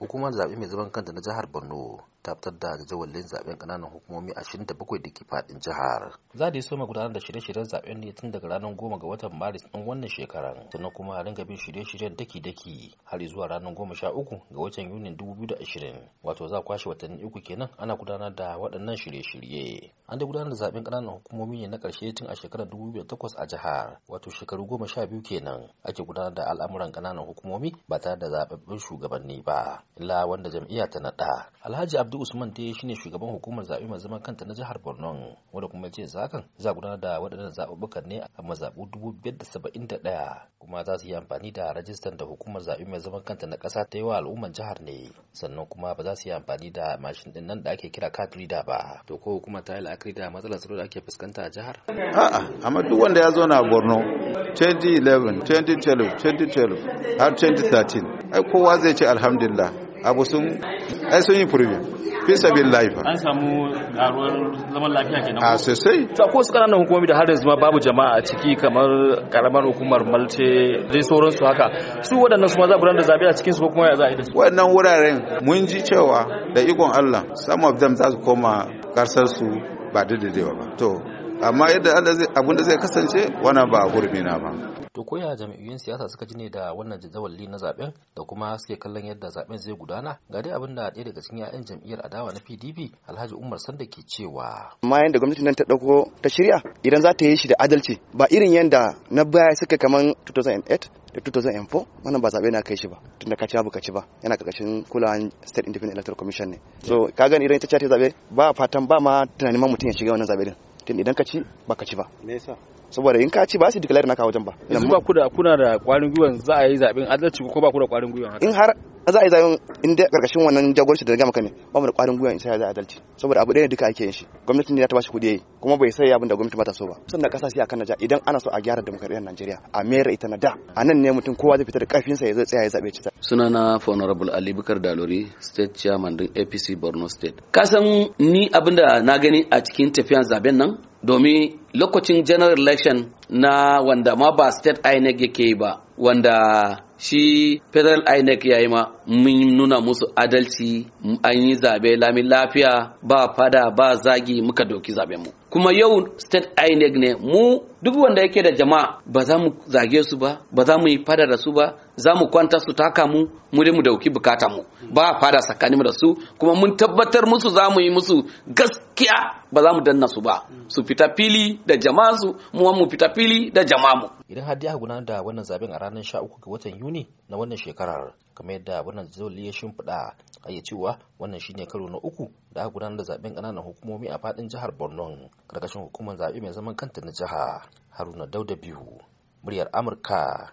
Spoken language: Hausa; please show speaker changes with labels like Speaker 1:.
Speaker 1: hukumar zaɓe mai zaman kanta na jihar borno tabbatar da jadawalin zaben kananan hukumomi 27 da ke fadin jihar. Za da so ma gudanar da shirye-shiryen zaben ne tun daga ranar goma ga watan Maris ɗin wannan shekaran sannan kuma a ringa bin shirye-shiryen daki-daki har zuwa ranar goma sha uku ga watan Yunin 2020 wato za kwashe watanni uku kenan ana gudanar da waɗannan shirye-shirye. An da gudanar da zaben kananan hukumomi ne na ƙarshe tun a shekarar 2008 a jihar wato shekaru goma sha biyu kenan ake gudanar da al'amuran kananan hukumomi ba tare da zababbin shugabanni ba illa wanda jam'iyya ta naɗa. Alhaji abdu usman shi shine shugaban hukumar zaɓe mai zaman kanta na jihar borno wanda kuma ce zakan za gudanar da waɗannan zaɓuɓɓukan ne a mazaɓu dubu biyar da da ɗaya kuma za su yi amfani da rajistan da hukumar zaɓe mai zaman kanta na ƙasa ta yawa wa al'umman jihar ne sannan kuma ba za su yi amfani da mashin ɗin nan da ake kira card reader ba to ko hukuma ta yi la'akari da matsalar tsaro da ake fuskanta a jihar. a'a amma duk wanda ya zo
Speaker 2: na borno 2011 2012 2012 har 2013 ai kowa zai ce alhamdulillah
Speaker 1: abu sun ai sun yi furbi
Speaker 3: fi sabi laifa an samu garuwar zaman lafiya kenan a
Speaker 1: sosai to ko su kananan hukumomi da har yanzu ma babu jama'a a ciki kamar karamar hukumar malte. dai sauransu haka su waɗannan su ma zaburan da zabi a cikin su ko kuma ya za a yi da su waɗannan
Speaker 2: wuraren mun ji cewa da ikon Allah some of them za su koma karsar su ba daidai ba to amma yadda abin da zai kasance wannan ba gurbi na ba
Speaker 1: To koya jami'in siyasa suka ji ne da wannan jadawali na zaben da kuma suke kallon yadda zaben zai gudana ga dai abin da ɗaya daga cikin 'ya'yan jam'iyyar adawa na PDP Alhaji Umar Sanda ke cewa.
Speaker 3: Amma yadda gwamnati nan ta ɗauko ta shirya idan za ta yi shi da adalci ba irin yadda na baya suka kaman 2008 da 2004 wannan ba zaɓe na kai shi ba tunda ka ci ba ci ba yana ƙarƙashin kulawan state independent electoral commission ne so ka gani idan ita ce zaɓe ba fatan ba ma tunanin ma mutum ya shiga wannan zaɓe din tun idan ka ci ba ka ci ba saboda in ka ci ba su declare naka wajen ba yanzu
Speaker 1: ba ku da kuna da kwarin gwiwa za a yi zaben adalci ko ba ku da kwarin gwiwa
Speaker 3: in har za a yi in inda karkashin wannan jagoranci da na gama ne ba mu da kwarin gwiwa in sai ya adalci saboda abu ɗaya duka ake yin shi gwamnati ne ya taba shi yayi kuma bai sai abin da gwamnati ba ta so ba sannan kasa sai akan naja idan ana so a gyara demokradiyyar Najeriya a mayar ita na da a nan ne mutum kowa zai fita da sa ya zo tsaya ya zabe ci
Speaker 2: sunana honorable Ali Bukar Dalori state chairman din APC Borno state
Speaker 3: kasan ni abinda na
Speaker 2: gani a cikin tafiyan zaben nan domin lokacin general election na wanda ma ba state INEC yake yi ba wanda shi federal INEC ya yi ma mun nuna musu adalci an yi zabe lamin lafiya ba fada ba zagi muka doki zaben mu kuma yau state INEC ne mu duk wanda yake da jama'a ba za mu zage su ba ba za mu yi fada da su ba za mu kwanta su taka mu mu dai mu dauki bukata mu ba fada mu da su kuma mun tabbatar musu za mu yi musu gaskiya ba za mu danna su ba su fita fili da jama'a su mu mu fita fili da jama'a mu
Speaker 1: idan har dai gudanar da wannan zaben a ranar 13 ga watan Yuni na wannan shekarar kamar yadda wannan zoli ya shimfiɗa a iya cewa wannan shine karo na uku da aka gudanar da zaben ƙananan hukumomi a faɗin jihar Borno karkashin hukumar zaɓe mai zaman kanta na jiha Haruna Dauda biyu muryar Amurka